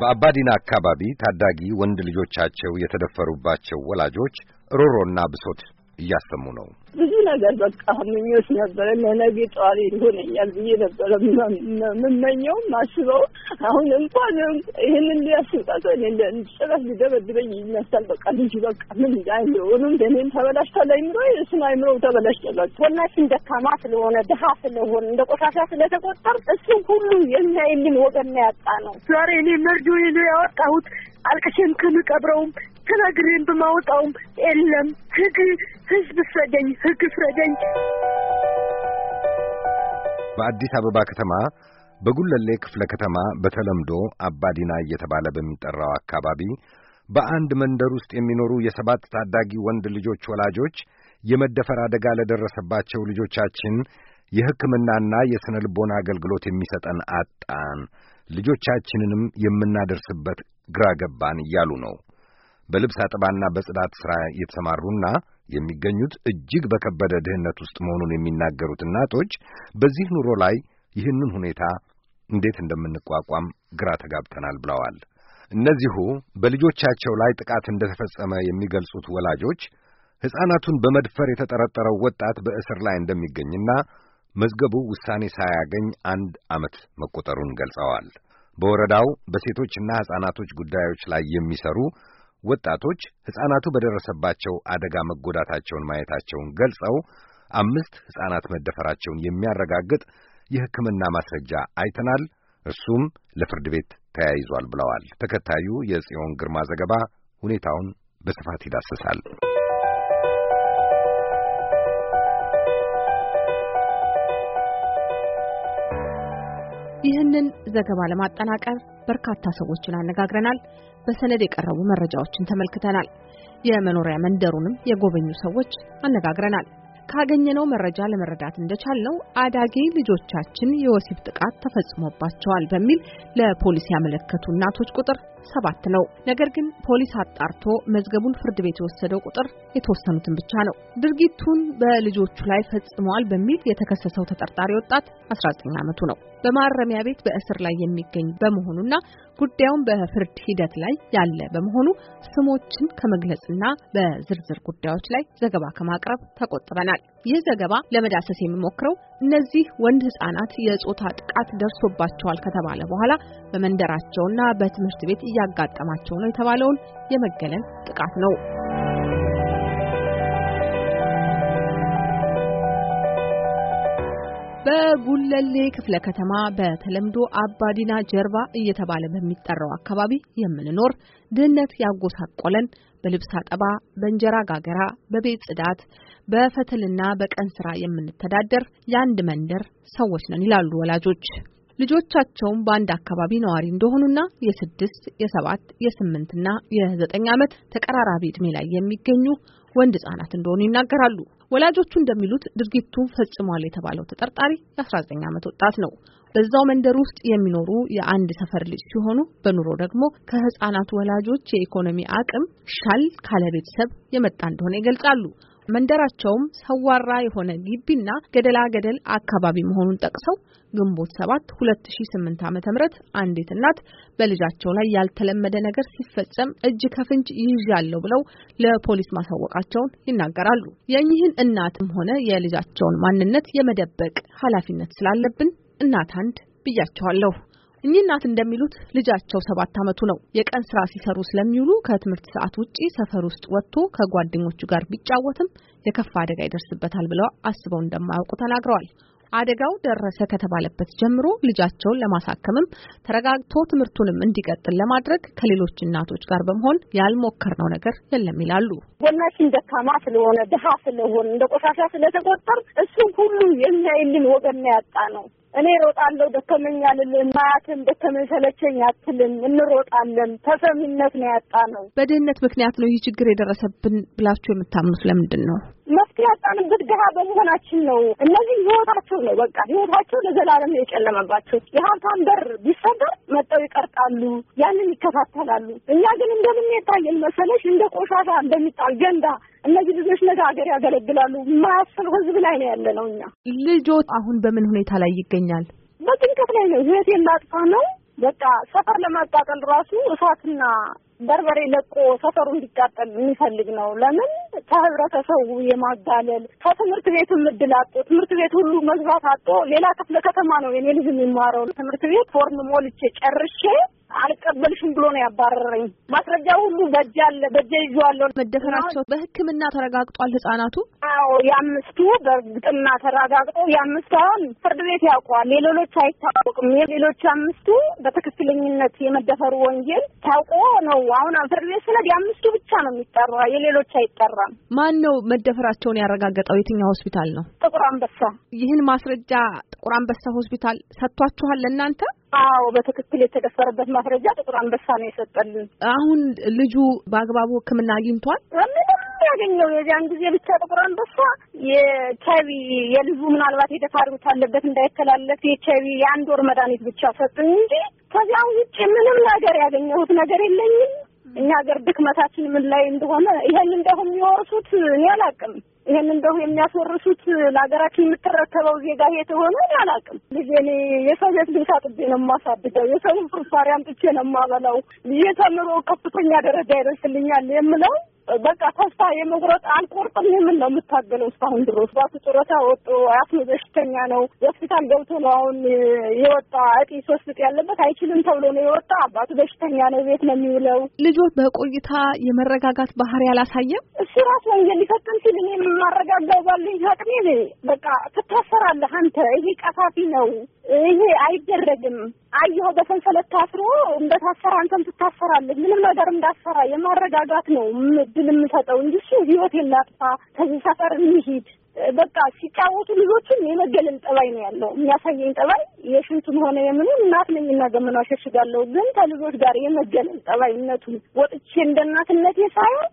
በአባዲና አካባቢ ታዳጊ ወንድ ልጆቻቸው የተደፈሩባቸው ወላጆች ሮሮና ብሶት እያሰሙ ነው። ብዙ ነገር በቃ ምኞት ነበረ። ለነገ ጠዋሪ ይሆነኛል ብዬ ነበረ ምመኘው ማስበው። አሁን እንኳን ይህንን ሊያስጣቶ ጭራሽ ሊደበድበኝ ይመስላል። በቃ ልጅ በቃ ምን አይምሮንም እኔም ተበላሽቷል። አይምሮ እሱም አይምሮ ተበላሽቷል። ወናችን ደካማ ስለሆነ ድሀ ስለሆነ እንደ ቆሻሻ ስለተቆጠር እሱ ሁሉ የሚያይልን ወገን ያጣ ነው። ዛሬ እኔ መርዶ ያወጣሁት አልቅሼም ከምቀብረውም ተናግሬን በማወጣውም የለም ህግ ህዝብ ፍረደኝ፣ ህግ ፍረደኝ። በአዲስ አበባ ከተማ በጉለሌ ክፍለ ከተማ በተለምዶ አባዲና እየተባለ በሚጠራው አካባቢ በአንድ መንደር ውስጥ የሚኖሩ የሰባት ታዳጊ ወንድ ልጆች ወላጆች የመደፈር አደጋ ለደረሰባቸው ልጆቻችን የሕክምናና የሥነ ልቦና አገልግሎት የሚሰጠን አጣን፣ ልጆቻችንንም የምናደርስበት ግራ ገባን እያሉ ነው። በልብስ አጥባና በጽዳት ሥራ የተሰማሩና የሚገኙት እጅግ በከበደ ድህነት ውስጥ መሆኑን የሚናገሩት እናቶች በዚህ ኑሮ ላይ ይህንን ሁኔታ እንዴት እንደምንቋቋም ግራ ተጋብተናል ብለዋል። እነዚሁ በልጆቻቸው ላይ ጥቃት እንደተፈጸመ የሚገልጹት ወላጆች ሕፃናቱን በመድፈር የተጠረጠረው ወጣት በእስር ላይ እንደሚገኝና መዝገቡ ውሳኔ ሳያገኝ አንድ ዓመት መቆጠሩን ገልጸዋል። በወረዳው በሴቶችና ሕፃናቶች ጉዳዮች ላይ የሚሰሩ ወጣቶች ሕፃናቱ በደረሰባቸው አደጋ መጎዳታቸውን ማየታቸውን ገልጸው አምስት ሕፃናት መደፈራቸውን የሚያረጋግጥ የሕክምና ማስረጃ አይተናል፣ እሱም ለፍርድ ቤት ተያይዟል ብለዋል። ተከታዩ የጽዮን ግርማ ዘገባ ሁኔታውን በስፋት ይዳስሳል። ይህንን ዘገባ ለማጠናቀር በርካታ ሰዎችን አነጋግረናል። በሰነድ የቀረቡ መረጃዎችን ተመልክተናል። የመኖሪያ መንደሩንም የጎበኙ ሰዎች አነጋግረናል። ካገኘነው መረጃ ለመረዳት እንደቻለው አዳጊ ልጆቻችን የወሲብ ጥቃት ተፈጽሞባቸዋል በሚል ለፖሊስ ያመለከቱ እናቶች ቁጥር ሰባት ነው። ነገር ግን ፖሊስ አጣርቶ መዝገቡን ፍርድ ቤት የወሰደው ቁጥር የተወሰኑትን ብቻ ነው። ድርጊቱን በልጆቹ ላይ ፈጽመዋል በሚል የተከሰሰው ተጠርጣሪ ወጣት 19 ዓመቱ ነው። በማረሚያ ቤት በእስር ላይ የሚገኝ በመሆኑና ጉዳዩም በፍርድ ሂደት ላይ ያለ በመሆኑ ስሞችን ከመግለጽና በዝርዝር ጉዳዮች ላይ ዘገባ ከማቅረብ ተቆጥበናል። ይህ ዘገባ ለመዳሰስ የሚሞክረው እነዚህ ወንድ ህጻናት የጾታ ጥቃት ደርሶባቸዋል ከተባለ በኋላ በመንደራቸውና በትምህርት ቤት እያጋጠማቸው ነው የተባለውን የመገለል ጥቃት ነው። በጉለሌ ክፍለ ከተማ በተለምዶ አባዲና ጀርባ እየተባለ በሚጠራው አካባቢ የምንኖር ድህነት ያጎሳቆለን በልብስ አጠባ፣ በእንጀራ ጋገራ፣ በቤት ጽዳት፣ በፈትልና በቀን ስራ የምንተዳደር የአንድ መንደር ሰዎች ነን ይላሉ ወላጆች። ልጆቻቸውም በአንድ አካባቢ ነዋሪ እንደሆኑና የስድስት የሰባት የስምንትና የዘጠኝ ዓመት ተቀራራቢ ዕድሜ ላይ የሚገኙ ወንድ ህጻናት እንደሆኑ ይናገራሉ። ወላጆቹ እንደሚሉት ድርጊቱ ፈጽሟል የተባለው ተጠርጣሪ የ19 ዓመት ወጣት ነው። በዛው መንደር ውስጥ የሚኖሩ የአንድ ሰፈር ልጅ ሲሆኑ በኑሮ ደግሞ ከህፃናቱ ወላጆች የኢኮኖሚ አቅም ሻል ካለ ቤተሰብ የመጣ እንደሆነ ይገልጻሉ። መንደራቸውም ሰዋራ የሆነ ግቢና ገደላ ገደል አካባቢ መሆኑን ጠቅሰው ግንቦት 7 2008 ዓ.ም አንዲት እናት በልጃቸው ላይ ያልተለመደ ነገር ሲፈጸም እጅ ከፍንጅ ይዣለሁ ብለው ለፖሊስ ማሳወቃቸውን ይናገራሉ። የኚህን እናትም ሆነ የልጃቸውን ማንነት የመደበቅ ኃላፊነት ስላለብን እናት አንድ ብያቸዋለሁ። እኚህ እናት እንደሚሉት ልጃቸው ሰባት ዓመቱ ነው። የቀን ስራ ሲሰሩ ስለሚውሉ ከትምህርት ሰዓት ውጪ ሰፈር ውስጥ ወጥቶ ከጓደኞቹ ጋር ቢጫወትም የከፋ አደጋ ይደርስበታል ብለው አስበው እንደማያውቁ ተናግረዋል። አደጋው ደረሰ ከተባለበት ጀምሮ ልጃቸውን ለማሳከምም ተረጋግቶ ትምህርቱንም እንዲቀጥል ለማድረግ ከሌሎች እናቶች ጋር በመሆን ያልሞከርነው ነገር የለም ይላሉ። ጎናችን ደካማ ስለሆነ ድሀ ስለሆነ እንደ ቆሻሻ ስለተቆጠር እሱም ሁሉ የሚያይልን ወገን ያጣ ነው። እኔ እሮጣለሁ ደከመኝ አልልም። ማያትም ደከመኝ ሰለቸኝ አትልም። እንሮጣለን። ተሰሚነት ነው ያጣ ነው። በድህነት ምክንያት ነው ይህ ችግር የደረሰብን ብላችሁ የምታምኑት ለምንድን ነው? መፍትሄ ያጣንበት በመሆናችን ነው። እነዚህ ህይወታቸው ነው በቃ ህይወታቸው ለዘላለም ነው የጨለመባቸው። የሀብታም በር ቢሰበር መጠው ይቀርጣሉ፣ ያንን ይከታተላሉ። እኛ ግን እንደምን የታየን መሰለሽ እንደ ቆሻሻ እንደሚጣል ገንዳ እነዚህ ልጆች ነገ ሀገር ያገለግላሉ። የማያስብ ህዝብ ላይ ነው ያለ ነው። እኛ ልጆች አሁን በምን ሁኔታ ላይ ይገኛል? በጭንቀት ላይ ነው። ህይወት የናጥፋ ነው። በቃ ሰፈር ለማቃጠል ራሱ እሳትና በርበሬ ለቆ ሰፈሩ እንዲቃጠል የሚፈልግ ነው። ለምን ከህብረተሰቡ የማጋለል ከትምህርት ቤትም እድል አጡ። ትምህርት ቤት ሁሉ መግባት አጦ ሌላ ክፍለ ከተማ ነው የኔ ልጅ የሚማረው ትምህርት ቤት ፎርም ሞልቼ ጨርሼ አልቀበልሽም ብሎ ነው ያባረረኝ። ማስረጃ ሁሉ በእጄ አለ፣ በእጄ ይዤዋለሁ። መደፈራቸው በሕክምና ተረጋግጧል። ህጻናቱ አዎ፣ የአምስቱ በእርግጥና ተረጋግጦ የአምስቱ አሁን ፍርድ ቤት ያውቀዋል። የሌሎች አይታወቅም። የሌሎች አምስቱ በትክክለኝነት የመደፈሩ ወንጀል ታውቆ ነው አሁን ፍርድ ቤት ስነድ የአምስቱ ብቻ ነው የሚጠራ፣ የሌሎች አይጠራ። አልሰራም። ማን ነው መደፈራቸውን ያረጋገጠው? የትኛው ሆስፒታል ነው? ጥቁር አንበሳ። ይህን ማስረጃ ጥቁር አንበሳ ሆስፒታል ሰጥቷችኋል ለእናንተ? አዎ፣ በትክክል የተደፈረበት ማስረጃ ጥቁር አንበሳ ነው የሰጠልን። አሁን ልጁ በአግባቡ ሕክምና አግኝቷል። ያገኘው የዚያን ጊዜ ብቻ ጥቁር አንበሳ የኤች አይቪ የልጁ ምናልባት የተፋሪት አለበት እንዳይተላለፍ የኤች የአንድ ወር መድኃኒት ብቻ ሰጡኝ እንጂ ከዚያ ውጭ ምንም ነገር ያገኘሁት ነገር የለኝም። እኛ ሀገር ድክመታችን ምን ላይ እንደሆነ ይሄን እንደሁ የሚወርሱት እኔ አላቅም። ይሄን እንደሁ የሚያስወርሱት ለሀገራችን የምትረከበው ዜጋ ይሄ ሆነ እኔ አላቅም። ልጄ እኔ የሰው ቤት ልጅ ነው የማሳድገው፣ የሰውን ፍርፋሪ አምጥቼ ነው የማበላው። ልጄ ተምሮ ከፍተኛ ደረጃ ይደርስልኛል የምለው በቃ ተስፋ የመቁረጥ አልቆርጥም። የምን ነው የምታገለው እስካሁን ድሮስ ባቱ ጡረታ ወጡ አያት በሽተኛ ነው። የሆስፒታል ገብቶ ነው አሁን የወጣ እጢ ሶስት እጢ ያለበት አይችልም ተብሎ ነው የወጣ። አባቱ በሽተኛ ነው፣ ቤት ነው የሚውለው። ልጆች በቆይታ የመረጋጋት ባህሪ አላሳየም። እሱ ራሱ ወንጀል ሊፈጥም ሲል እኔ የማረጋጋው ባለኝ አቅሜ በቃ ትታሰራለህ አንተ ይሄ ቀፋፊ ነው ይሄ አይደረግም። አየሁ በሰንሰለት ታስሮ እንደታሰራ አንተም ትታሰራለህ። ምንም ነገር እንዳሰራ የማረጋጋት ነው እድል የምሰጠው እንጂ እሱ ህይወት የላጥፋ ከዚህ ሰፈር እንሂድ በቃ ሲጫወቱ ልጆቹን የመገለል ጠባይ ነው ያለው የሚያሳየኝ ጠባይ የሽንቱም ሆነ የምኑ እናት ነኝ እና ገመና ሸሽጋለሁ ግን ከልጆች ጋር የመገለል ጠባይነቱ ወጥቼ እንደ እናትነቴ ሳይሆን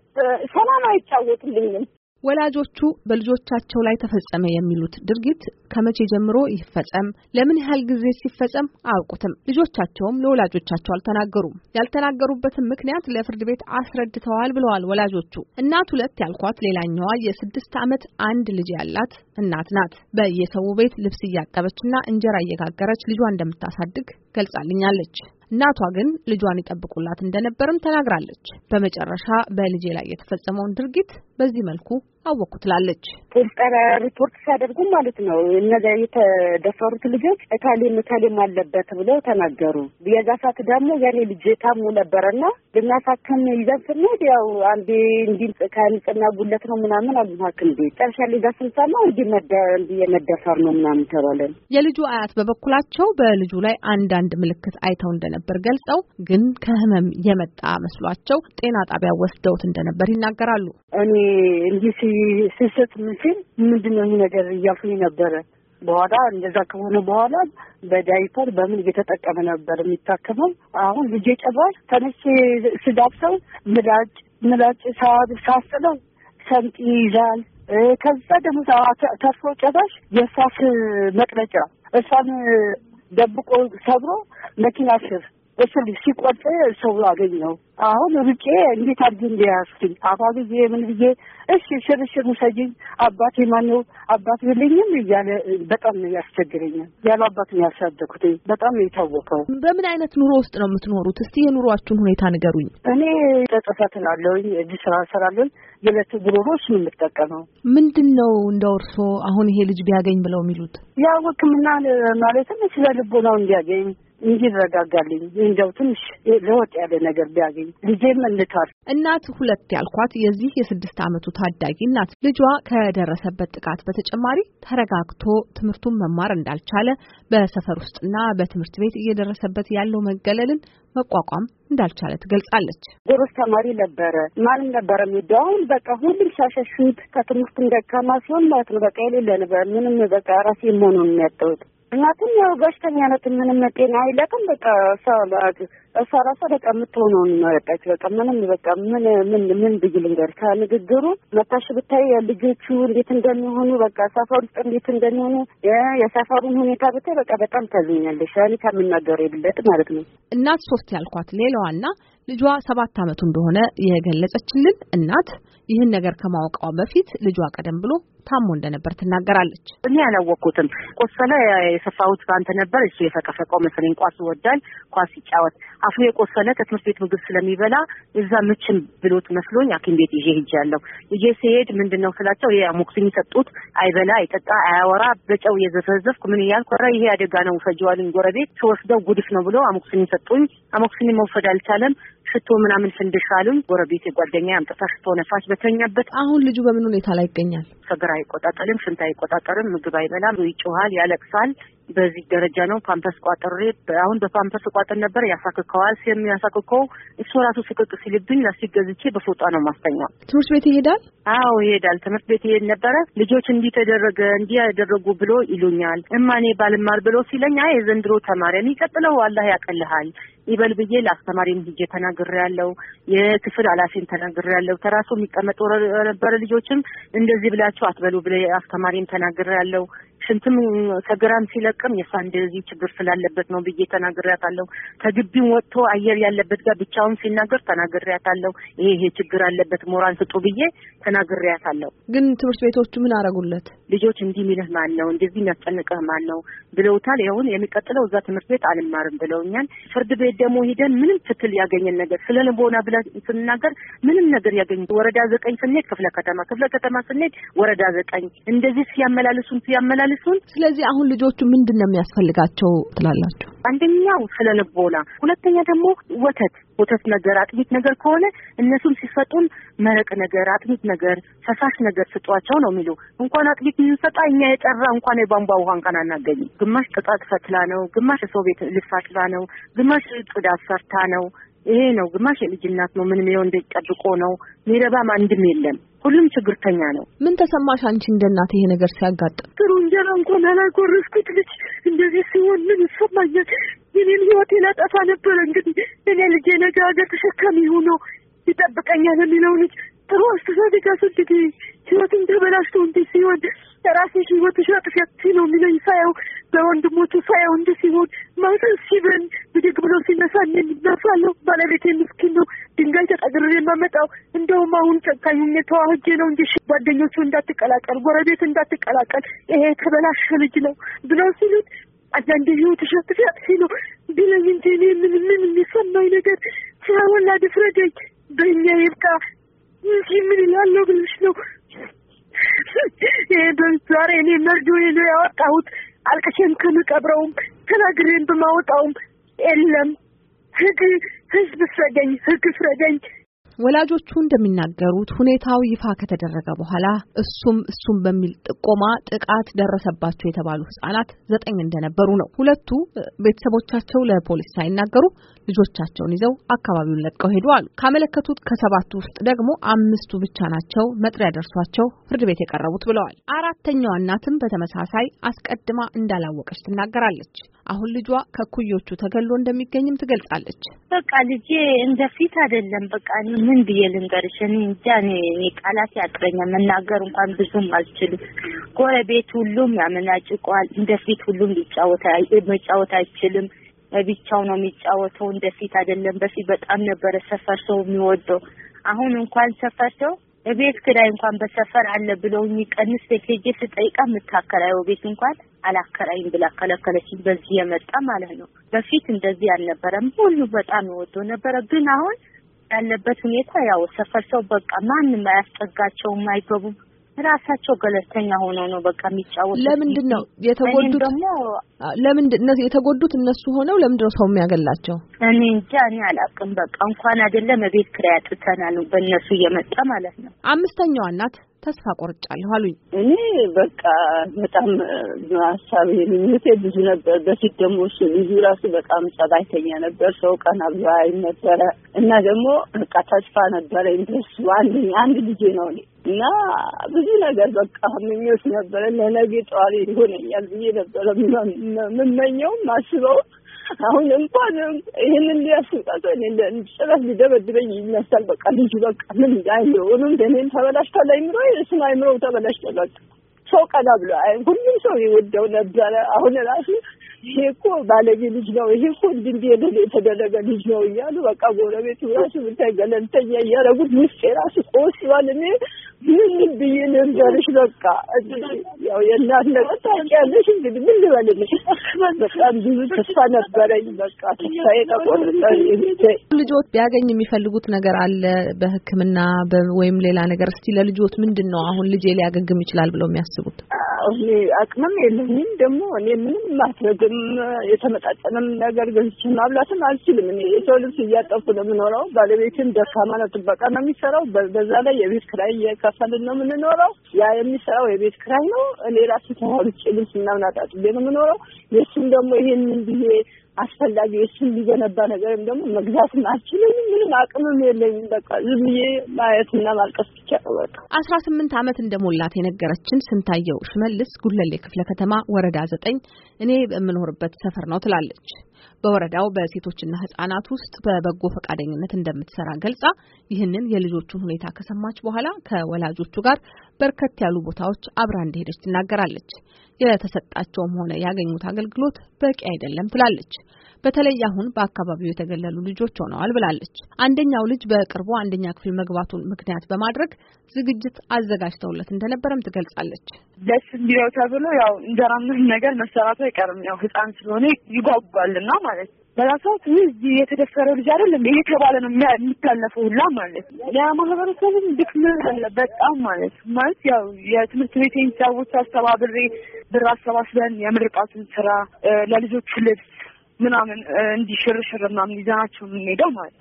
ሰላም አይጫወቱልኝም። ወላጆቹ በልጆቻቸው ላይ ተፈጸመ የሚሉት ድርጊት ከመቼ ጀምሮ ይፈጸም፣ ለምን ያህል ጊዜ ሲፈጸም አያውቁትም። ልጆቻቸውም ለወላጆቻቸው አልተናገሩም። ያልተናገሩበትም ምክንያት ለፍርድ ቤት አስረድተዋል ብለዋል ወላጆቹ። እናት ሁለት ያልኳት ሌላኛዋ የስድስት ዓመት አንድ ልጅ ያላት እናት ናት። በየሰው ቤት ልብስ እያጠበችና እንጀራ እየጋገረች ልጇን እንደምታሳድግ ገልጻልኛለች። እናቷ ግን ልጇን ይጠብቁላት እንደነበርም ተናግራለች። በመጨረሻ በልጄ ላይ የተፈጸመውን ድርጊት በዚህ መልኩ አወቅኩ ትላለች። ቁጠራ ሪፖርት ሲያደርጉም ማለት ነው እነዚያ የተደፈሩት ልጆች እታሌም እታሌም አለበት ብለው ተናገሩ። የዛ ሰዓት ደግሞ የኔ ልጅ ታሙ ነበረና ልናሳክም ይዘን ስንሄድ ያው አንዴ እንዲህ ከንጽና ጉለት ነው ምናምን አሉ ሐኪም ቤት ጨርሻ ሊዛ ስንሰማ እንዲህ የመደፈር ነው ምናምን ተባለን። የልጁ አያት በበኩላቸው በልጁ ላይ አንዳንድ ምልክት አይተው እንደነበር ገልጸው ግን ከህመም የመጣ መስሏቸው ጤና ጣቢያ ወስደውት እንደነበር ይናገራሉ። እኔ እንዲህ ስስት ምስል ምንድን ነው ይህ ነገር እያልኩኝ ነበረ። በኋላ እንደዛ ከሆነ በኋላ በዳይፐር በምን እየተጠቀመ ነበር የሚታከመው። አሁን ልጄ ጨባሽ ተነቼ ስዳብሰው ምላጭ ምላጭ ሳስለው ሰንጢ ይዛል። ከዛ ደግሞ ተርፎ ጨባሽ የእርሳስ መቅለጫ እሷን ደብቆ ሰብሮ መኪና ስር በስል ሲቆጥ ሰው አገኘው። አሁን ርቄ እንዴት አድርጌ እንዲያስኝ አባ ጊዜ ምን ጊዜ እሺ ሽርሽር ውሰጅኝ አባቴ ማነው አባት ብለኝም እያለ በጣም ነው ያስቸግረኛል። ያለ አባት ነው ያሳደኩት። በጣም ነው የታወቀው። በምን አይነት ኑሮ ውስጥ ነው የምትኖሩት? እስቲ የኑሯችሁን ሁኔታ ንገሩኝ። እኔ ተጽፈትን አለውኝ እጅ ስራ ስራለን የዕለት ጉሮሮ እሱ የምጠቀመው ምንድን ነው እንደው እርሶ አሁን ይሄ ልጅ ቢያገኝ ብለው የሚሉት ያው ሕክምና ማለትም ስለ ልቦናው እንዲያገኝ ይረጋጋልኝ እንደው ትንሽ ለወጥ ያለ ነገር ቢያገኝ ልጄ መልታል። እናት ሁለት ያልኳት የዚህ የስድስት አመቱ ታዳጊ እናት ልጇ ከደረሰበት ጥቃት በተጨማሪ ተረጋግቶ ትምህርቱን መማር እንዳልቻለ በሰፈር ውስጥና በትምህርት ቤት እየደረሰበት ያለው መገለልን መቋቋም እንዳልቻለ ትገልጻለች። ጎበዝ ተማሪ ነበረ፣ ማንም ነበረ የሚወደው። በቃ ሁሉም ሻሸሹት ከትምህርቱም ደካማ ሲሆን ማለት ነው። በቃ የሌለ ነበር ምንም በቃ ራሴ መሆኑን የሚያጠውት እናትም ያው በሽተኛ ናት። ምንም ጤና አይለቅም። በቃ እሷ ራሷ በቃ የምትሆነውን ነው ያጣች። በቃ ምንም በቃ ምን ምን ምን ብዬ ልንገርሽ። ከንግግሩ መታሽ ብታይ ልጆቹ እንዴት እንደሚሆኑ በቃ ሰፈር ውስጥ እንዴት እንደሚሆኑ የሰፈሩን ሁኔታ ብታይ በቃ በጣም ታዝኛለሽ። እኔ ከምናገረው የበለጠ ማለት ነው። እናት ሶስት ያልኳት ሌላዋና ልጇ ሰባት ዓመቱ እንደሆነ የገለጸችልን እናት ይህን ነገር ከማወቋ በፊት ልጇ ቀደም ብሎ ታሞ እንደነበር ትናገራለች። እኔ አላወቅኩትም። ቆሰለ የሰፋሁት በአንተ ነበር። እሱ የፈቀፈቀው መሰለኝ። ኳስ ይወዳል፣ ኳስ ይጫወት። አፉ የቆሰለ ከትምህርት ቤት ምግብ ስለሚበላ እዛ ምችም ብሎት መስሎኝ ሐኪም ቤት ይዤ ሄጃለሁ። ይዤ ሲሄድ ምንድን ነው ስላቸው ይሄ አሞክሲኒ ሰጡት። አይበላ፣ አይጠጣ፣ አያወራ። በጨው እየዘፈዘፍኩ ምን እያልኩ ኧረ ይሄ አደጋ ነው ፈጅዋልኝ ጎረቤት ስወስደው ጉድፍ ነው ብሎ አሞክሲኒ ሰጡኝ። አሞክሲኒ መውሰድ አልቻለም። ሽቶ ምናምን ፍንድሽ አሉን። ጎረቤት የጓደኛ አምጥታ ሽቶ ነፋች በተኛበት። አሁን ልጁ በምን ሁኔታ ላይ ይገኛል? እግር አይቆጣጠልም፣ ሽንት አይቆጣጠርም፣ ምግብ አይበላም፣ ይጮሃል፣ ያለቅሳል። በዚህ ደረጃ ነው ፓምፐርስ ቋጥሬ አሁን በፓምፐርስ ቋጥር ነበር ያሳክከዋል። ያሳክከው እሱ ራሱ ስቅቅ ሲልብኝ ሲገዝቼ በፎጣ ነው ማስተኛው። ትምህርት ቤት ይሄዳል? አዎ ይሄዳል። ትምህርት ቤት ይሄድ ነበረ። ልጆች እንዲህ ተደረገ እንዲህ ያደረጉ ብሎ ይሉኛል። እማኔ ባልማር ብሎ ሲለኝ አይ የዘንድሮ ተማሪ የሚቀጥለው አላህ ያቀልሃል ይበል ብዬ ለአስተማሪም ሂጄ ያለው የክፍል ተናግሬ ያለው ተራሱ የሚቀመጡ ነበረ ልጆችም እንደዚህ ብላችሁ አትበሉ ብለ አስተማሪም ያለው ስንትም ከግራም ሲለቅም የእሷ እንደዚህ ችግር ስላለበት ነው ብዬ ተናግሬያታለሁ። ከግቢም ወጥቶ አየር ያለበት ጋር ብቻውን ሲናገር ተናግሬያታለሁ። ይሄ ይሄ ችግር አለበት ሞራል ስጡ ብዬ ተናግሬያታለሁ። ግን ትምህርት ቤቶቹ ምን አረጉለት? ልጆች እንዲህ የሚልህ ማን ነው? እንደዚህ የሚያስጠንቅህ ማን ነው ብለውታል። ይኸውን የሚቀጥለው እዛ ትምህርት ቤት አልማርም ብለውኛል። ፍርድ ቤት ደግሞ ሂደን ምንም ትክል ያገኘን ነገር ስለ ልቦና ብለህ ስንናገር ምንም ነገር ያገኝ ወረዳ ዘጠኝ ስንሄድ ክፍለ ከተማ፣ ክፍለ ከተማ ስንሄድ ወረዳ ዘጠኝ እንደዚህ ሲያመላልሱን ሲያመላልሱን። ስለዚህ አሁን ልጆቹ ምንድን ነው የሚያስፈልጋቸው ትላላቸው? አንደኛው ስለ ልቦና፣ ሁለተኛ ደግሞ ወተት ወተት ነገር፣ አጥሚት ነገር ከሆነ እነሱም ሲሰጡን መረቅ ነገር፣ አጥሚት ነገር፣ ፈሳሽ ነገር ስጧቸው ነው የሚሉ። እንኳን አጥሚት የምንሰጣ እኛ የጠራ እንኳን የቧንቧ ውሃ እንኳን አናገኝም። ግማሽ ቅጣት ፈትላ ነው፣ ግማሽ የሰው ቤት ልፋትላ ነው፣ ግማሽ ጽዳት ሰርታ ነው። ይሄ ነው ግማሽ የልጅ እናት ነው። ምንም ይኸው እንደጠብቆ ነው ሚረባም አንድም የለም። ሁሉም ችግርተኛ ነው። ምን ተሰማሽ አንቺ እንደ እናት ይሄ ነገር ሲያጋጥም? ጥሩ እንጀራ እንኳን አላጎረስኩት ልጅ እንደዚህ ሲሆን ምን ይሰማኛል? የኔን ህይወት አጠፋ ነበር። እንግዲህ እኔ ልጄ ነገ ሀገር ተሸካሚ ሆኖ ይጠብቀኛል የሚለው ልጅ ጥሩ አስተሳሰብ ጋሱ እንግዲህ ህይወትን ተበላሽቶ እንዲህ ሲሆን ራሴሽ ህይወት አጥፊያት ነው የሚለኝ ሳየው፣ በወንድሞቹ ሳየው እንዲህ ሲሆን ማዘን ሲብን ብድግ ብሎ ሲነሳ እኔን ይነሳለሁ። ባለቤቴ ምስኪን ነው ድንጋይ ተጠግርር የማመጣው። እንደውም አሁን ጨካኝ ሁኜ ተዋህጄ ነው እንጂ ጓደኞቹ እንዳትቀላቀል፣ ጎረቤት እንዳትቀላቀል፣ ይሄ የተበላሸ ልጅ ነው ብለው ሲሉት አንዳንድ ህይወትሽ አትፊያጥፊ ነው ቢለኝ እንጂ እኔ ምን ምን የሚሰማኝ ነገር ሳይወላድ ፍረደኝ፣ በእኛ ይብቃ እንጂ ምን ይላለው ብልሽ ነው። ይሄ ዛሬ እኔ መርዶ ነው ያወጣሁት። አልቅሼም ከምቀብረውም ተናግሬም በማወጣውም የለም ህግ ህዝብ ፍረደኝ፣ ህግ ፍረደኝ። ወላጆቹ እንደሚናገሩት ሁኔታው ይፋ ከተደረገ በኋላ እሱም እሱም በሚል ጥቆማ ጥቃት ደረሰባቸው የተባሉ ህጻናት ዘጠኝ እንደነበሩ ነው። ሁለቱ ቤተሰቦቻቸው ለፖሊስ ሳይናገሩ ልጆቻቸውን ይዘው አካባቢውን ለቀው ሄደዋል። ካመለከቱት ከሰባቱ ውስጥ ደግሞ አምስቱ ብቻ ናቸው መጥሪያ ደርሷቸው ፍርድ ቤት የቀረቡት ብለዋል። አራተኛዋ እናትም በተመሳሳይ አስቀድማ እንዳላወቀች ትናገራለች። አሁን ልጇ ከኩዮቹ ተገሎ እንደሚገኝም ትገልጻለች። በቃ ልጄ እንደፊት አይደለም። በቃ ምን ብዬ ልንገርሽ? እኔ እንጃ። እኔ ቃላት ያጥረኛል። መናገር እንኳን ብዙም አልችልም። ጎረቤት ሁሉም ያመናጭቋል። እንደፊት ሁሉም መጫወት አይችልም። ብቻው ነው የሚጫወተው። እንደፊት አይደለም። በፊት በጣም ነበረ ሰፈር ሰው የሚወደው። አሁን እንኳን ሰፈር ሰው እቤት ክዳይ እንኳን በሰፈር አለ ብለው የሚቀንስ ሄጄ ስጠይቃ የምታከራየው ቤት እንኳን አላከራይም ብላ ከለከለችኝ። በዚህ የመጣ ማለት ነው። በፊት እንደዚህ አልነበረም። ሁሉ በጣም የወደው ነበረ። ግን አሁን ያለበት ሁኔታ ያው ሰፈር ሰው በቃ ማንም አያስጠጋቸውም፣ አይገቡም። ራሳቸው ገለልተኛ ሆነው ነው በቃ የሚጫወቱ። ለምንድን ነው የተጎዱት? ደግሞ ለምንድን ነው የተጎዱት? እነሱ ሆነው ለምንድን ነው ሰው የሚያገላቸው? እኔ እንጃ እኔ አላውቅም። በቃ እንኳን አይደለም ቤት ኪራይ አጥተናል በእነሱ እየመጣ ማለት ነው። አምስተኛዋ እናት ተስፋ ቆርጫለሁ አሉኝ። እኔ በቃ በጣም ሀሳብ ምኞቴ ብዙ ነበር። በፊት ደግሞ እሱ ልጁ ራሱ በጣም ጸባይተኛ ነበር። ሰው ቀና ብሎ አይ ነበረ እና ደግሞ በቃ ተስፋ ነበረ ኢንትረስት አንድ አንድ ልጄ ነው እኔ እና ብዙ ነገር በቃ ምኞት ነበረ። ለነገ ጠዋሪ ይሆነኛል ብዬ ነበረ ምመኘውም አስበው አሁን እንኳን ይህንን ሊያስውጣት ጭረት ሊደበድበኝ ይነሳል። በቃ ልጁ በቃ ምን አይምሮውንም እኔም ተበላሽቷል። አይምሮ እሱም አይምሮው ተበላሽቷል። በቃ ሰው ቀና ብሎ ሁሉም ሰው ይወደው ነበረ። አሁን ራሱ ይሄ እኮ ባለጌ ልጅ ነው፣ ይሄ እኮ እንዲህ የተደረገ ልጅ ነው እያሉ በቃ ጎረቤቱ ራሱ ብታይ ገለልተኛ እያደረጉት ውስጤ ራሱ ቆስሏል። እኔ ምን ብዬ ልንገርሽ። በቃ እንግዲህ ያው የእናት ነገር ታውቂያለሽ። እንግዲህ ምን ልበልልሽ? በጣም ብዙ ተስፋ ነበረኝ። በቃ ተስፋዬ ተቆርጠ። ልጆት ቢያገኝ የሚፈልጉት ነገር አለ በሕክምና ወይም ሌላ ነገር። እስቲ ለልጆት ምንድን ነው አሁን ልጄ ሊያገግም ይችላል ብለው የሚያስቡት? እኔ አቅምም የለኝም ደግሞ እኔ ምንም ማድረግም የተመጣጠነም ነገር ገዝቼ ማብላትም አልችልም። እኔ የሰው ልብስ እያጠፉ ነው የምኖረው። ባለቤትም ደካማ ነው፣ ጥበቃ ነው የሚሰራው። በዛ ላይ የቤት ክራይ ኪራይ እያካፈልን ነው የምንኖረው። ያ የሚሰራው የቤት ክራይ ነው። እኔ ራሱ ተዋርጭ ልብስ ምናምን አጣጥቤ ነው የምኖረው። የእሱም ደግሞ ይሄንን ብዬ አስፈላጊ የእሱን ሊገነባ ነገርም ደግሞ መግዛትም አልችልም። ምንም አቅምም የለኝም። በቃ ዝም ብዬ ማየትና ማልቀስ ብቻ ነው። በቃ አስራ ስምንት ዓመት እንደሞላት የነገረችን ስንታየው ሽመልስ ጉለሌ ክፍለ ከተማ ወረዳ ዘጠኝ እኔ በምኖርበት ሰፈር ነው ትላለች። በወረዳው በሴቶችና ህጻናት ውስጥ በበጎ ፈቃደኝነት እንደምትሰራ ገልጻ ይህንን የልጆቹን ሁኔታ ከሰማች በኋላ ከወላጆቹ ጋር በርከት ያሉ ቦታዎች አብራ እንደሄደች ትናገራለች። የተሰጣቸውም ሆነ ያገኙት አገልግሎት በቂ አይደለም ትላለች። በተለይ አሁን በአካባቢው የተገለሉ ልጆች ሆነዋል ብላለች። አንደኛው ልጅ በቅርቡ አንደኛ ክፍል መግባቱን ምክንያት በማድረግ ዝግጅት አዘጋጅተውለት እንደነበረም ትገልጻለች። ደስ እንዲለው ተብሎ ያው እንጀራ ነገር መሰራቱ አይቀርም። ያው ሕፃን ስለሆነ ይጓጓልና ማለት በዛ ይህ የተደፈረው ልጅ አይደለም እየተባለ ነው የሚታለፈው ሁላ ማለት ነው። ያ ማህበረሰብም አለ በጣም ማለት ማለት ያው የትምህርት ቤቴን ሰዎች አስተባብሬ ብር አሰባስበን የምርቃቱን ስራ ለልጆቹ ልብስ ምናምን እንዲሽርሽር ምናምን ይዘናቸው የምንሄደው ማለት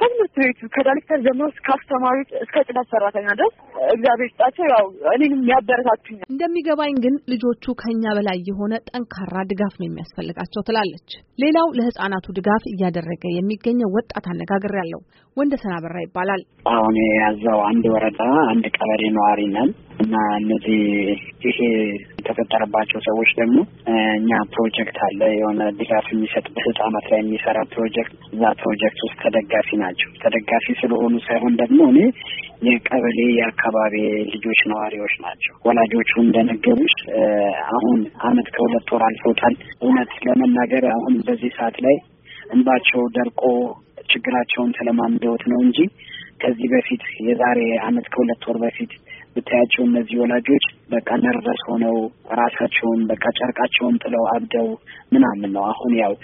ከትምህርት ቤቱ ከዳይሬክተር ጀምሮ እስከ አስተማሪ እስከ ጭነት ሰራተኛ ድረስ እግዚአብሔር ይስጣቸው። ያው እኔንም ያበረታቱኛል። እንደሚገባኝ ግን ልጆቹ ከእኛ በላይ የሆነ ጠንካራ ድጋፍ ነው የሚያስፈልጋቸው ትላለች። ሌላው ለህጻናቱ ድጋፍ እያደረገ የሚገኘው ወጣት አነጋግር ያለው ወንደ ሰናበራ ይባላል። አሁን ያዛው አንድ ወረዳ አንድ ቀበሌ ነዋሪ ነን እና እነዚህ ይሄ የተፈጠረባቸው ሰዎች ደግሞ እኛ ፕሮጀክት አለ የሆነ ድጋፍ የሚሰጥ በህጻናት ላይ የሚሰራ ፕሮጀክት፣ እዛ ፕሮጀክት ውስጥ ተደጋፊ ናቸው። ተደጋፊ ስለሆኑ ሳይሆን ደግሞ እኔ የቀበሌ የአካባቢ ልጆች ነዋሪዎች ናቸው። ወላጆቹ እንደነገሩች አሁን አመት ከሁለት ወር አልፎታል። እውነት ለመናገር አሁን በዚህ ሰዓት ላይ እንባቸው ደርቆ ችግራቸውን ተለማምደውት ነው እንጂ ከዚህ በፊት የዛሬ አመት ከሁለት ወር በፊት ብታያቸው እነዚህ ወላጆች በቃ ነርቨስ ሆነው ራሳቸውን በቃ ጨርቃቸውን ጥለው አብደው ምናምን ነው። አሁን ያው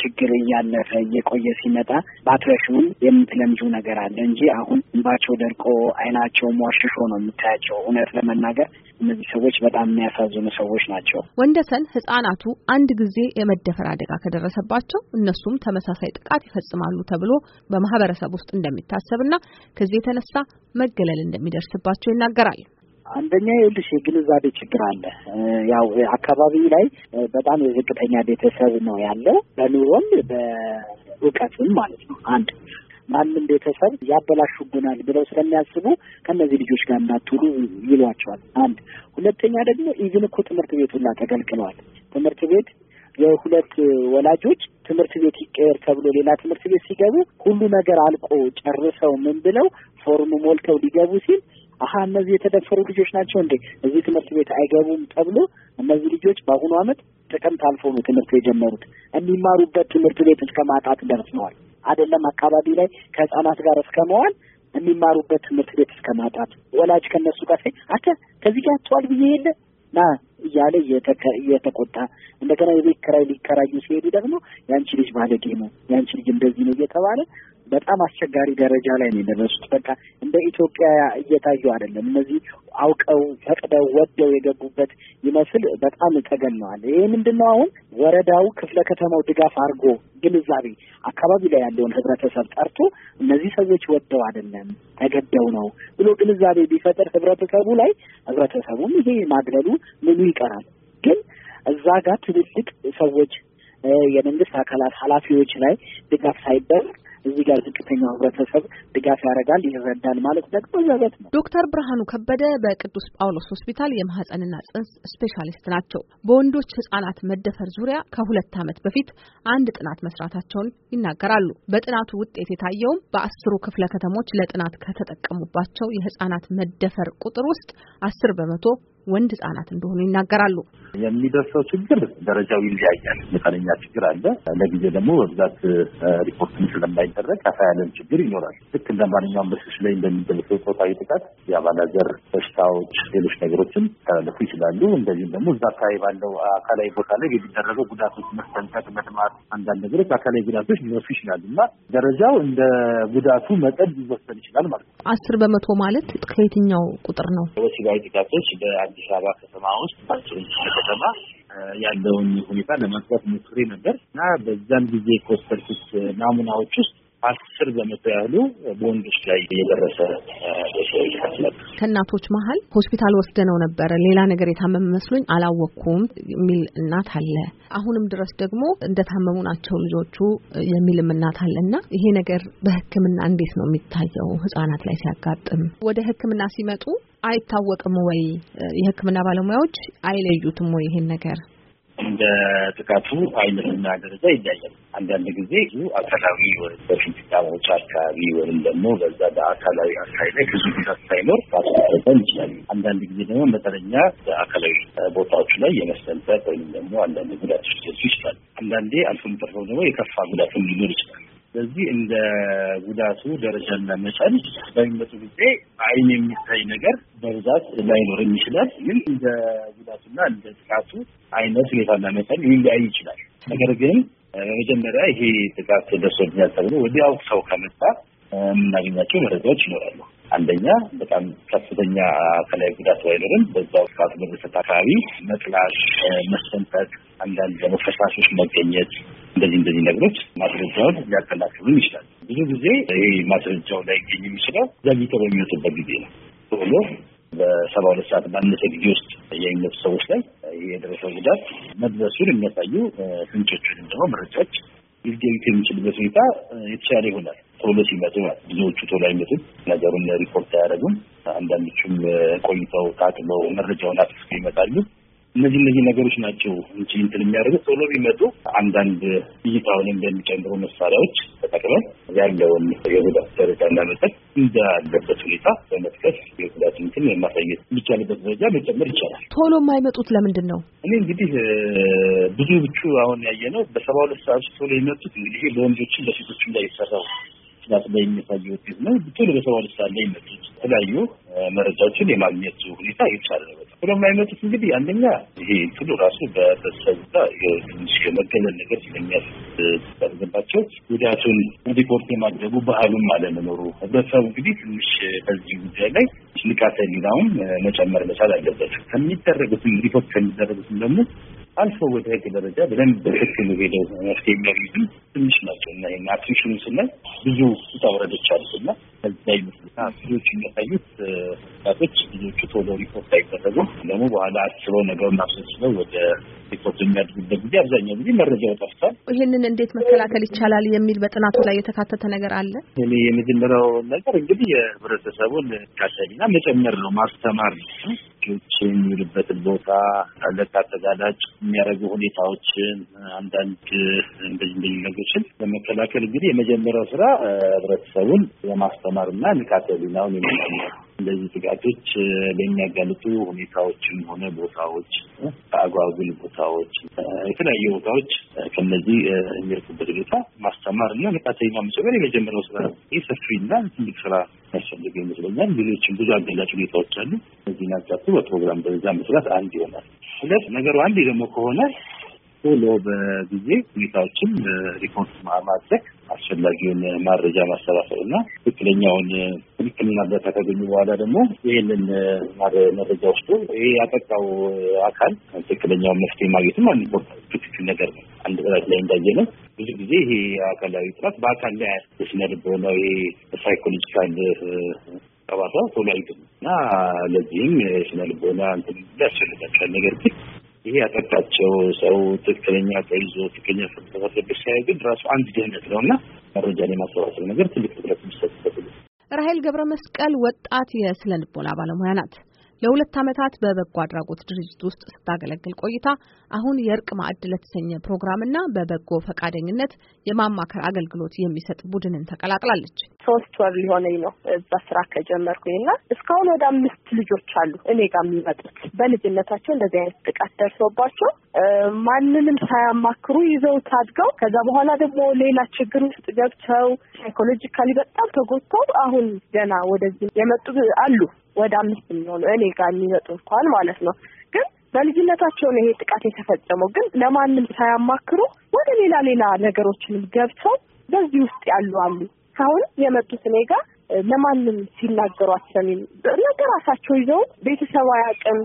ችግር እያለፈ እየቆየ ሲመጣ ባትረሹን የምትለምጁ ነገር አለ እንጂ አሁን እንባቸው ደርቆ አይናቸው ሟሽሾ ነው የምታያቸው። እውነት ለመናገር እነዚህ ሰዎች በጣም የሚያሳዝኑ ሰዎች ናቸው። ወንደሰን ህጻናቱ አንድ ጊዜ የመደፈር አደጋ ከደረሰባቸው እነሱም ተመሳሳይ ጥቃት ይፈጽማሉ ተብሎ በማህበረሰብ ውስጥ እንደሚታሰብና ከዚህ የተነሳ መገለል እንደሚደርስባቸው ይናገራል። አንደኛ ይኸውልሽ የግንዛቤ ችግር አለ። ያው አካባቢ ላይ በጣም የዝቅተኛ ቤተሰብ ነው ያለው በኑሮም በእውቀትም ማለት ነው። አንድ ማንም ቤተሰብ ያበላሹብናል ብለው ስለሚያስቡ ከእነዚህ ልጆች ጋር እንዳትውሉ ይሏቸዋል። አንድ ሁለተኛ ደግሞ ኢቭን እኮ ትምህርት ቤት ሁላ ተገልግለዋል። ትምህርት ቤት የሁለት ወላጆች ትምህርት ቤት ይቀየር ተብሎ ሌላ ትምህርት ቤት ሲገቡ ሁሉ ነገር አልቆ ጨርሰው ምን ብለው ፎርም ሞልተው ሊገቡ ሲል አሀ እነዚህ የተደፈሩ ልጆች ናቸው እንዴ እዚህ ትምህርት ቤት አይገቡም ተብሎ እነዚህ ልጆች በአሁኑ አመት ጥቅምት አልፎ ነው ትምህርት የጀመሩት። የሚማሩበት ትምህርት ቤት እስከ ማጣት ደርሰዋል። አይደለም አካባቢ ላይ ከህጻናት ጋር እስከ መዋል የሚማሩበት ትምህርት ቤት እስከ ማጣት ወላጅ ከእነሱ ጋር አንተ ከዚህ ጋር አጥቷል ብዬ የለ ና እያለ እየተቆጣ እንደገና የቤት ኪራይ ሊከራዩ ሲሄዱ ደግሞ የአንቺ ልጅ ባለጌ ነው፣ የአንቺ ልጅ እንደዚህ ነው እየተባለ በጣም አስቸጋሪ ደረጃ ላይ ነው የደረሱት። በቃ እንደ ኢትዮጵያ እየታዩ አይደለም። እነዚህ አውቀው ፈቅደው ወደው የገቡበት ይመስል በጣም ተገነዋል። ይሄ ምንድን ነው? አሁን ወረዳው ክፍለ ከተማው ድጋፍ አድርጎ ግንዛቤ አካባቢ ላይ ያለውን ህብረተሰብ ጠርቶ እነዚህ ሰዎች ወደው አይደለም ተገደው ነው ብሎ ግንዛቤ ቢፈጥር ህብረተሰቡ ላይ ህብረተሰቡም ይሄ ማግለሉ ምኑ ይቀራል። ግን እዛ ጋር ትልልቅ ሰዎች የመንግስት አካላት ኃላፊዎች ላይ ድጋፍ ሳይደረግ እዚህ ጋር ዝቅተኛው ህብረተሰብ ድጋፍ ያደርጋል፣ ይረዳል ማለት ደግሞ ዘበት ነው። ዶክተር ብርሃኑ ከበደ በቅዱስ ጳውሎስ ሆስፒታል የማህፀንና ጽንስ ስፔሻሊስት ናቸው። በወንዶች ህጻናት መደፈር ዙሪያ ከሁለት ዓመት በፊት አንድ ጥናት መስራታቸውን ይናገራሉ። በጥናቱ ውጤት የታየውም በአስሩ ክፍለ ከተሞች ለጥናት ከተጠቀሙባቸው የህጻናት መደፈር ቁጥር ውስጥ አስር በመቶ ወንድ ህጻናት እንደሆኑ ይናገራሉ። የሚደርሰው ችግር ደረጃው ይለያያል። መጠነኛ ችግር አለ። ለጊዜ ደግሞ በብዛት ሪፖርትም ስለማይደረግ ከፋ ያለን ችግር ይኖራል። ልክ እንደ ማንኛውም በሴቶች ላይ እንደሚደርሰው ጾታዊ ጥቃት የአባላዘር በሽታዎች፣ ሌሎች ነገሮችም ተላለፉ ይችላሉ። እንደዚህም ደግሞ እዛ አካባቢ ባለው አካላዊ ቦታ ላይ የሚደረገው ጉዳቶች መስተንጠቅ፣ መድማት፣ አንዳንድ ነገሮች አካላዊ ጉዳቶች ሊነሱ ይችላሉ እና ደረጃው እንደ ጉዳቱ መጠን ሊወሰን ይችላል ማለት ነው። አስር በመቶ ማለት ከየትኛው ቁጥር ነው? ወሲባዊ ጥቃቶች አዲስ አበባ ከተማ ውስጥ ከተማ ያለውን ሁኔታ ለማጥፋት ሞክሬ ነበር እና በዛን ጊዜ ከወሰድኩት ናሙናዎች ውስጥ አስር በመቶ ያህሉ በወንዶች ላይ እየደረሰ ሰዎች ከእናቶች መሀል ሆስፒታል ወስደነው ነበረ ሌላ ነገር የታመመ መስሎኝ አላወቅኩም የሚል እናት አለ። አሁንም ድረስ ደግሞ እንደታመሙ ናቸው ልጆቹ የሚልም እናት አለ እና ይሄ ነገር በሕክምና እንዴት ነው የሚታየው? ህጻናት ላይ ሲያጋጥም ወደ ሕክምና ሲመጡ አይታወቅም ወይ? የሕክምና ባለሙያዎች አይለዩትም ወይ ይሄን ነገር? እንደ ጥቃቱ አይነትና ደረጃ ይለያል። አንዳንድ ጊዜ ብዙ አካላዊ ወይም በፊንጢጣቦች አካባቢ ወይም ደግሞ በዛ በአካላዊ አካባቢ ላይ ብዙ ጉዳት ሳይኖር ማስመሰልጠን ይችላል። አንዳንድ ጊዜ ደግሞ መጠነኛ በአካላዊ ቦታዎቹ ላይ የመሰንጠቅ ወይም ደግሞ አንዳንድ ጉዳቶች ሊደርሱ ይችላል። አንዳንዴ አልፎም ተርፎም ደግሞ የከፋ ጉዳትም ሊኖር ይችላል። ስለዚህ እንደ ጉዳቱ ደረጃና መጠን በሚመጡ ጊዜ አይን የሚታይ ነገር በብዛት ላይኖር ይችላል። ግን እንደ ጉዳቱና እንደ ጥቃቱ አይነት ሁኔታና መጠን ሊለያይ ይችላል። ነገር ግን በመጀመሪያ ይሄ ጥቃት ደርሶብኛል ተብሎ ወዲያው ሰው ከመጣ የምናገኛቸው መረጃዎች ይኖራሉ። አንደኛ በጣም ከፍተኛ ከላይ ጉዳት ባይኖርም በዛው ጥቃቱ በተሰጠ አካባቢ መጥላት፣ መሰንጠቅ፣ አንዳንድ ደግሞ ፈሳሾች መገኘት እንደዚህ እንደዚህ ነገሮች ማስረጃውን ሊያጠናክሩም ይችላል። ብዙ ጊዜ ይህ ማስረጃው ላይገኝ የሚችለው ዘግይተው በሚወጡበት ጊዜ ነው። ቶሎ በሰባ ሁለት ሰዓት ባነሰ ጊዜ ውስጥ የሚመጡ ሰዎች ላይ የደረሰው ጉዳት መድረሱን የሚያሳዩ ፍንጮች ወይም ደግሞ መረጃዎች ሊገኙት የሚችልበት ሁኔታ የተሻለ ይሆናል። ቶሎ ሲመጡ ማለት ብዙዎቹ ቶሎ አይመጡም፣ ነገሩን ሪፖርት አያደርጉም። አንዳንዶቹም ቆይተው ታጥበው መረጃውን አጥፍቶ ይመጣሉ። እነዚህ እነዚህ ነገሮች ናቸው እንጂ እንትን የሚያደርጉት ቶሎ ቢመጡ አንዳንድ እይታውን እንደሚጨምሩ መሳሪያዎች ተጠቅመን ያለውን የጉዳት ደረጃ እንዳመጠት እንዳለበት ሁኔታ በመጥቀስ የጉዳት እንትን የማሳየት የሚቻልበት ደረጃ መጨመር ይቻላል። ቶሎ የማይመጡት ለምንድን ነው? እኔ እንግዲህ ብዙ ብቹ አሁን ያየ ነው በሰባ ሁለት ሰዓት ቶሎ የመጡት እንግዲህ በወንዶችን ለሴቶችም ላይ የሰራው ጥናት ላይ የሚያሳየ ውጤት ነው። ቶሎ በሰባ ሁለት ሰዓት ላይ መጡት የተለያዩ መረጃዎችን የማግኘት ሁኔታ የተሻለ ነው። በጣም ብሎ የማይመጡት እንግዲህ አንደኛ ይሄ ትሉ ራሱ በህብረተሰቡ ጋር ትንሽ የመገለል ነገር ስለሚያስደርግባቸው ጉዳቱን ሪፖርት የማድረጉ ባህሉም አለመኖሩ ህብረተሰቡ እንግዲህ ትንሽ በዚህ ጉዳይ ላይ ንቃተ ህሊናውን መጨመር መቻል አለበት። ከሚደረጉትም ሪፖርት ከሚደረጉትም ደግሞ አልፎ ወደ ህግ ደረጃ ብለን በህግ ሄደው መፍትሄ የሚያገኙ ትንሽ ናቸው እና ይህ አትሪሽኑ ስናይ ብዙ ውጣ ውረዶች አሉት እና ከዛ ይመስልና ብዙዎቹ የሚያሳዩት ቶች ብዙዎቹ ቶሎ ሪፖርት አይደረጉም። ደግሞ በኋላ አስሮ ነገሩን አብሰስበው ወደ ሪፖርት የሚያድጉበት ጊዜ አብዛኛው ጊዜ መረጃው ጠፍቷል። ይህንን እንዴት መከላከል ይቻላል የሚል በጥናቱ ላይ የተካተተ ነገር አለ። እኔ የመጀመሪያው ነገር እንግዲህ የህብረተሰቡን ካሳቢና መጨመር ነው ማስተማር ነው ተጠቂዎች የሚውልበትን ቦታ ለአተጋላጭ የሚያደርጉ ሁኔታዎችን አንዳንድ እንደዚህ እንደዚህ ነገሮችን ለመከላከል እንግዲህ የመጀመሪያው ስራ ህብረተሰቡን የማስተማር እና ንቃተ ህሊናውን የመጨመር እንደዚህ ጥቃቶች በሚያጋልጡ ሁኔታዎችም ሆነ ቦታዎች፣ በአጓጉል ቦታዎች፣ የተለያዩ ቦታዎች ከነዚህ የሚርቁበት ሁኔታ ማስተማር እና መቃተኛ መጨመር የመጀመሪያው ስራ ይህ ሰፊና ትልቅ ስራ ያስፈልገ ይመስለኛል። ሌሎችም ብዙ አገላጭ ሁኔታዎች አሉ። እነዚህን አጋቱ በፕሮግራም በዛ መስራት አንድ ይሆናል። ሁለት ነገሩ አንድ ደግሞ ከሆነ ቶሎ በጊዜ ሁኔታዎችን ሪፖርት ማድረግ አስፈላጊውን መረጃ ማሰባሰብ እና ትክክለኛውን ትክክልና እርዳታ ካገኙ በኋላ ደግሞ ይህንን መረጃ ውስጡ ይህ ያጠቃው አካል ትክክለኛውን መፍትሄ ማግኘትም አንድ ትክክል ነገር ነው። አንድ ጥረት ላይ እንዳየ ነው። ብዙ ጊዜ ይሄ አካላዊ ጥረት በአካል ላይ ስነ ይሄ ሳይኮሎጂካል ጠባሳ ቶሎ አይገኙም እና ለዚህም ስነ ልቦና እንትን ያስፈልጋቸዋል ነገር ግን ይሄ ያጠጣቸው ሰው ትክክለኛ ተይዞ ትክክለኛ ፍርድ ሲያዩ ግን ራሱ አንድ ድህነት ነው እና መረጃን የማሰባሰብ ነገር ትልቅ ትኩረት የሚሰጥበት። ራሄል ገብረ መስቀል ወጣት የስነ ልቦና ባለሙያ ናት። ለሁለት ዓመታት በበጎ አድራጎት ድርጅት ውስጥ ስታገለግል ቆይታ አሁን የእርቅ ማዕድ ለተሰኘ ፕሮግራምና በበጎ ፈቃደኝነት የማማከር አገልግሎት የሚሰጥ ቡድንን ተቀላቅላለች። ሶስት ወር ሊሆነኝ ነው እዛ ስራ ከጀመርኩኝና እስካሁን ወደ አምስት ልጆች አሉ እኔ ጋር የሚመጡት በልጅነታቸው እንደዚህ አይነት ጥቃት ደርሶባቸው ማንንም ሳያማክሩ ይዘው ታድገው ከዛ በኋላ ደግሞ ሌላ ችግር ውስጥ ገብተው ሳይኮሎጂካሊ በጣም ተጎድተው አሁን ገና ወደዚህ የመጡ አሉ። ወደ አምስት የሚሆኑ እኔ ጋር የሚመጡ እንኳን ማለት ነው። ግን በልጅነታቸው ነው ይሄ ጥቃት የተፈጸመው። ግን ለማንም ሳያማክሩ ወደ ሌላ ሌላ ነገሮችንም ገብተው በዚህ ውስጥ ያሉ አሉ። እስካሁን የመጡት እኔ ጋር ለማንም ሲናገሩ አትሰሚም። ነገር ራሳቸው ይዘው ቤተሰባዊ አቅም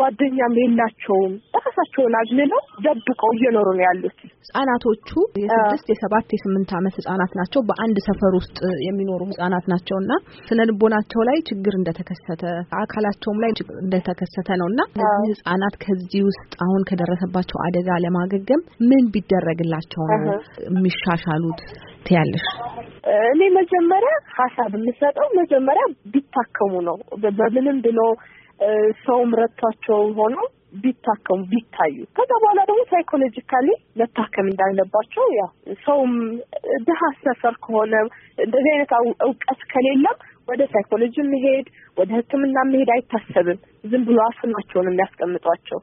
ጓደኛም የላቸውም። ራሳቸውን አግልለው ደብቀው እየኖሩ ነው ያሉት። ህጻናቶቹ የስድስት የሰባት የስምንት አመት ህጻናት ናቸው። በአንድ ሰፈር ውስጥ የሚኖሩ ህጻናት ናቸው እና ስነ ልቦናቸው ላይ ችግር እንደተከሰተ አካላቸውም ላይ ችግር እንደተከሰተ ነው እና እነዚህ ህጻናት ከዚህ ውስጥ አሁን ከደረሰባቸው አደጋ ለማገገም ምን ቢደረግላቸው ነው የሚሻሻሉት ትያለሽ? እኔ መጀመሪያ ሀሳብ የምሰጠው መጀመሪያ ቢታከሙ ነው። በምንም ብሎ ሰውም ረድቷቸው ሆኖ ቢታከሙ ቢታዩ ከዛ በኋላ ደግሞ ሳይኮሎጂካሊ መታከም እንዳለባቸው ያ ሰውም ድሀ ሰፈር ከሆነ እንደዚህ አይነት እውቀት ከሌለም ወደ ሳይኮሎጂ መሄድ ወደ ሕክምና መሄድ አይታሰብም። ዝም ብሎ አፍናቸውን የሚያስቀምጧቸው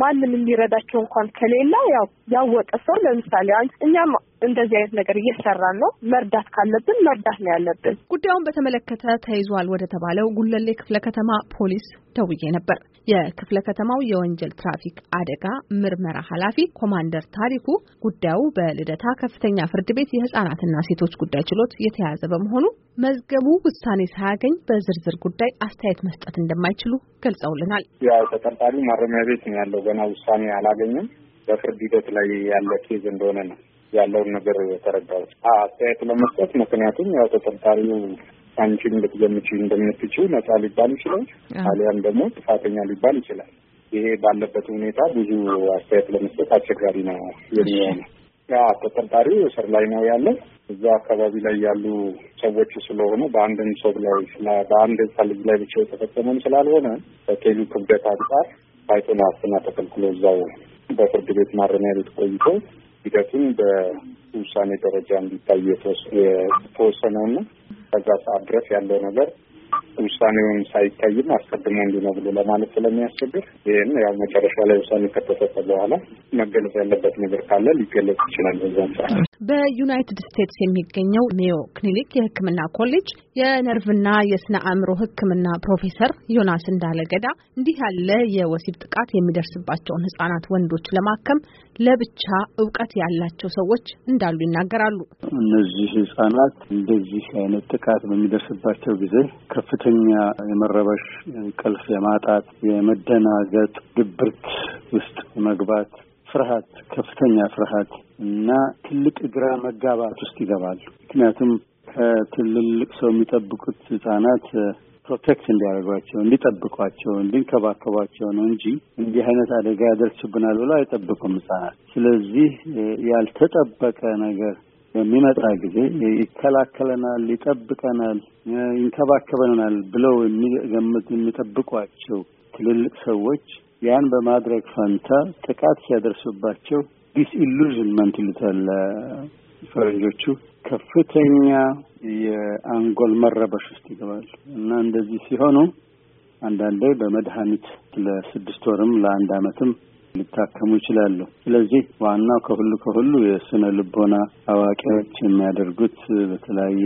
ማንም የሚረዳቸው እንኳን ከሌላ ያው ያወቀ ሰው ለምሳሌ እኛም እንደዚህ አይነት ነገር እየሰራን ነው። መርዳት ካለብን መርዳት ነው ያለብን። ጉዳዩን በተመለከተ ተይዟል ወደ ተባለው ጉለሌ ክፍለ ከተማ ፖሊስ ደውዬ ነበር። የክፍለ ከተማው የወንጀል ትራፊክ አደጋ ምርመራ ኃላፊ ኮማንደር ታሪኩ ጉዳዩ በልደታ ከፍተኛ ፍርድ ቤት የህጻናትና ሴቶች ጉዳይ ችሎት የተያዘ በመሆኑ መዝገቡ ውሳኔ ሳያገኝ በዝርዝር ጉዳይ አስተያየት መስጠት እንደማይችሉ ገልጸውልናል። ያው ተጠርጣሪ ማረሚያ ቤት ነው ያለው። ገና ውሳኔ አላገኘም። በፍርድ ሂደት ላይ ያለ ኬዝ እንደሆነ ነው ያለውን ነገር የተረዳሁት አስተያየት ለመስጠት። ምክንያቱም ያው ተጠርጣሪው አንቺም ልትገምች እንደምትች ነጻ ሊባል ይችላል፣ አሊያም ደግሞ ጥፋተኛ ሊባል ይችላል። ይሄ ባለበት ሁኔታ ብዙ አስተያየት ለመስጠት አስቸጋሪ ነው የሚሆነው። ያ ተጠርጣሪው እስር ላይ ነው ያለ። እዛ አካባቢ ላይ ያሉ ሰዎች ስለሆኑ በአንድን ሰው ላይ በአንድ ህፃን ልጅ ላይ ብቻ የተፈጸመም ስላልሆነ ከኬሉ ክብደት አንጻር ባይቶና ዋስትና ተከልክሎ እዛው በፍርድ ቤት ማረሚያ ቤት ቆይቶ ሂደቱን በውሳኔ ደረጃ እንዲታይ የተወሰነውና ከዛ ሰዓት ድረስ ያለው ነገር ውሳኔውን ሳይታይም አስቀድሞ እንዲህ ነው ብሎ ለማለት ስለሚያስቸግር ይህን ያው መጨረሻ ላይ ውሳኔ ከተሰጠ በኋላ መገለጽ ያለበት ነገር ካለ ሊገለጽ ይችላል። በዛን ሰዓት በዩናይትድ ስቴትስ የሚገኘው ሜዮ ክሊኒክ የሕክምና ኮሌጅ የነርቭና የስነ አእምሮ ሕክምና ፕሮፌሰር ዮናስ እንዳለ ገዳ እንዲህ ያለ የወሲብ ጥቃት የሚደርስባቸውን ህጻናት ወንዶች ለማከም ለብቻ እውቀት ያላቸው ሰዎች እንዳሉ ይናገራሉ። እነዚህ ህጻናት እንደዚህ አይነት ጥቃት በሚደርስባቸው ጊዜ ከፍተኛ የመረበሽ፣ እንቅልፍ የማጣት፣ የመደናገጥ፣ ድብርት ውስጥ መግባት ፍርሃት፣ ከፍተኛ ፍርሃት እና ትልቅ ግራ መጋባት ውስጥ ይገባል። ምክንያቱም ከትልልቅ ሰው የሚጠብቁት ህጻናት ፕሮቴክት እንዲያደርጓቸው፣ እንዲጠብቋቸው፣ እንዲንከባከቧቸው ነው እንጂ እንዲህ አይነት አደጋ ያደርስብናል ብሎ አይጠብቁም ህጻናት። ስለዚህ ያልተጠበቀ ነገር በሚመጣ ጊዜ ይከላከለናል፣ ይጠብቀናል፣ ይንከባከበናል ብለው የሚገምት የሚጠብቋቸው ትልልቅ ሰዎች ያን በማድረግ ፈንታ ጥቃት ሲያደርሱባቸው ዲስኢሉዥንመንት ይሉታል ፈረንጆቹ። ከፍተኛ የአንጎል መረበሽ ውስጥ ይገባሉ እና እንደዚህ ሲሆኑ አንዳንዴ በመድኃኒት ለስድስት ወርም ለአንድ ዓመትም ሊታከሙ ይችላሉ። ስለዚህ ዋናው ከሁሉ ከሁሉ የስነ ልቦና አዋቂዎች የሚያደርጉት በተለያየ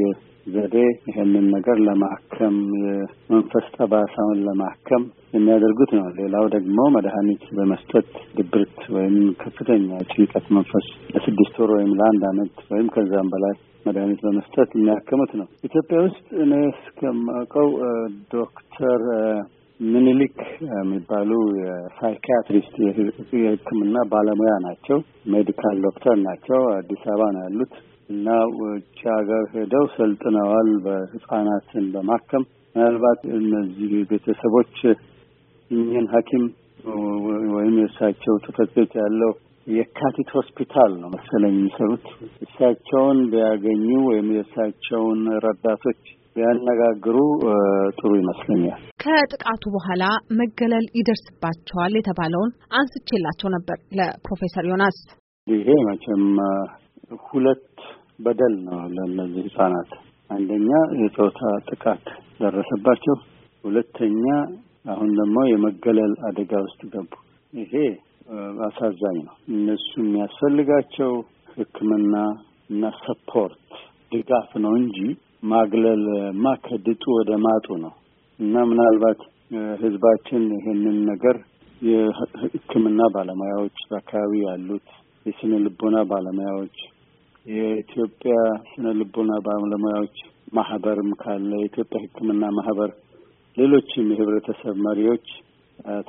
ዘዴ ይህንን ነገር ለማከም የመንፈስ ጠባሳውን ለማከም የሚያደርጉት ነው። ሌላው ደግሞ መድኃኒት በመስጠት ድብርት ወይም ከፍተኛ ጭንቀት መንፈስ ለስድስት ወር ወይም ለአንድ ዓመት ወይም ከዛም በላይ መድኃኒት በመስጠት የሚያከሙት ነው። ኢትዮጵያ ውስጥ እኔ እስከማውቀው ዶክተር ምኒልክ የሚባሉ የሳይኪያትሪስት የሕክምና ባለሙያ ናቸው። ሜዲካል ዶክተር ናቸው። አዲስ አበባ ነው ያሉት። እና ውጭ ሀገር ሄደው ሰልጥነዋል በህጻናትን በማከም ምናልባት እነዚህ ቤተሰቦች እኚህን ሐኪም ወይም የእሳቸው ጽህፈት ቤት ያለው የካቲት ሆስፒታል ነው መሰለኝ የሚሰሩት። እሳቸውን ቢያገኙ ወይም የእሳቸውን ረዳቶች ቢያነጋግሩ ጥሩ ይመስለኛል። ከጥቃቱ በኋላ መገለል ይደርስባቸዋል የተባለውን አንስቼላቸው ነበር ለፕሮፌሰር ዮናስ። ይሄ መቼም ሁለት በደል ነው ለእነዚህ ህጻናት። አንደኛ የጾታ ጥቃት ደረሰባቸው፣ ሁለተኛ አሁን ደግሞ የመገለል አደጋ ውስጥ ገቡ። ይሄ አሳዛኝ ነው። እነሱ የሚያስፈልጋቸው ሕክምና እና ሰፖርት ድጋፍ ነው እንጂ ማ ከድጡ ወደ ማጡ ነው እና ምናልባት ህዝባችን ይሄንን ነገር የሕክምና ባለሙያዎች በአካባቢ ያሉት የስነ ልቦና ባለሙያዎች የኢትዮጵያ ስነ ልቦና ባለሙያዎች ማህበርም ካለ የኢትዮጵያ ሕክምና ማህበር፣ ሌሎችም የህብረተሰብ መሪዎች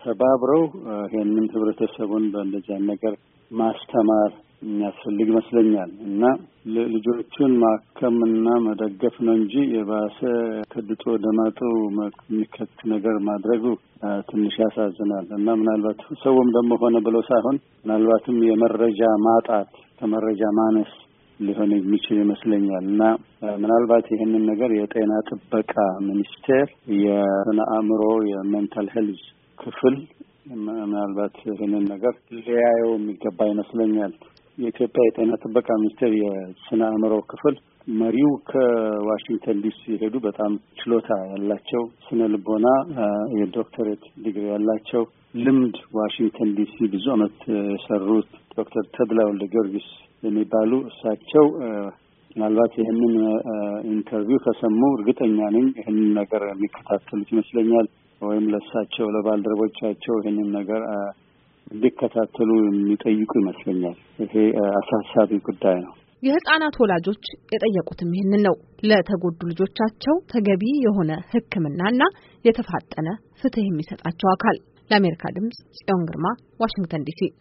ተባብረው ይህንም ህብረተሰቡን በእንደዚያን ነገር ማስተማር የሚያስፈልግ ይመስለኛል እና ልጆቹን ማከምና መደገፍ ነው እንጂ የባሰ ከድጦ ወደ የሚከት ነገር ማድረጉ ትንሽ ያሳዝናል እና ምናልባት ሰውም ደግሞ ሆነ ብሎ ሳይሆን ምናልባትም የመረጃ ማጣት ከመረጃ ማነስ ሊሆን የሚችል ይመስለኛል እና ምናልባት ይህንን ነገር የጤና ጥበቃ ሚኒስቴር የስነ አእምሮ የሜንታል ሄልዝ ክፍል ምናልባት ይህንን ነገር ሊያየው የሚገባ ይመስለኛል። የኢትዮጵያ የጤና ጥበቃ ሚኒስቴር የስነ አእምሮ ክፍል መሪው ከዋሽንግተን ዲሲ ሲሄዱ በጣም ችሎታ ያላቸው ስነ ልቦና የዶክተሬት ዲግሪ ያላቸው ልምድ ዋሽንግተን ዲሲ ብዙ ዓመት የሰሩት ዶክተር ተድላ ወልደ ጊዮርጊስ የሚባሉ እሳቸው ምናልባት ይህንን ኢንተርቪው ከሰሙ እርግጠኛ ነኝ ይህንን ነገር የሚከታተሉት ይመስለኛል። ወይም ለእሳቸው ለባልደረቦቻቸው ይህንን ነገር እንዲከታተሉ የሚጠይቁ ይመስለኛል። ይሄ አሳሳቢ ጉዳይ ነው። የህጻናት ወላጆች የጠየቁትም ይህንን ነው። ለተጎዱ ልጆቻቸው ተገቢ የሆነ ሕክምናና የተፋጠነ ፍትህ የሚሰጣቸው አካል። ለአሜሪካ ድምጽ ጽዮን ግርማ ዋሽንግተን ዲሲ